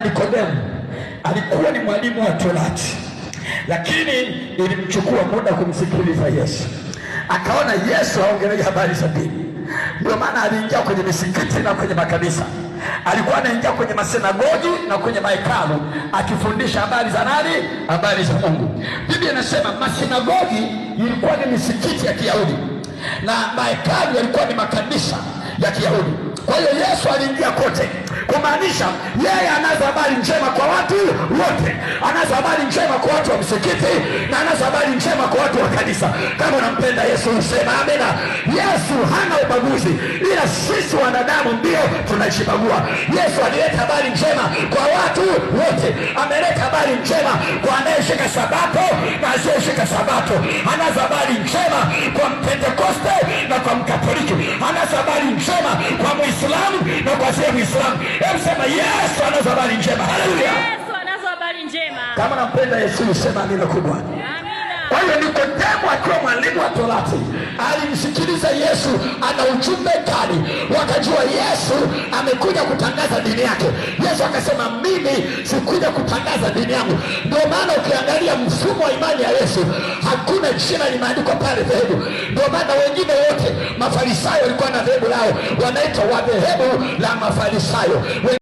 nikodemu alikuwa ni mwalimu wa Torati, lakini ilimchukua muda kumsikiliza Yesu. Akaona Yesu haongelei habari za dini, ndio maana aliingia kwenye misikiti na kwenye makanisa. Alikuwa anaingia kwenye masinagogi na kwenye mahekalu akifundisha habari za nani? Habari za Mungu. Biblia inasema masinagogi ilikuwa ni misikiti ya Kiyahudi na mahekalu yalikuwa ni makanisa ya Kiyahudi. Kwa hiyo Yesu aliingia kote inamaanisha yeye anazo habari njema kwa watu wote, anazo habari njema kwa watu wa msikiti na anazo habari njema kwa watu wa kanisa. Kama unampenda Yesu usema amena. Yesu hana ubaguzi, ila sisi wanadamu ndio tunajibagua. Yesu alileta habari njema kwa watu wote, ameleta habari njema kwa anayeshika sabato na asiyeshika sabato, anazo habari njema kwa mpentekoste sema Yesu anazo habari njema. Haleluya, Yesu anazo habari njema. Kama nampenda Yesu sema amina kubwa. Kwa hiyo Nikodemo akiwa mwalimu wa Torati alimsikiliza Yesu, ana ujumbe kali, wakajua Yesu amekuja kutangaza dini yake. Yesu akasema mimi sikuja kutangaza dini yangu. Ndio maana ukiangalia mfumo wa imani ya Yesu hakuna jina limeandikwa pale dhehebu. Ndio maana wengine wote Mafarisayo walikuwa na dhehebu lao, wanaitwa wadhehebu la Mafarisayo.